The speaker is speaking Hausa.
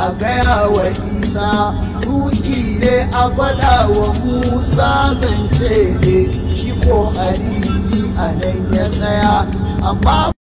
a gaya isa ruki ne a faɗawa wa musa zance ne shi ko aliyu a nan ya tsaya amma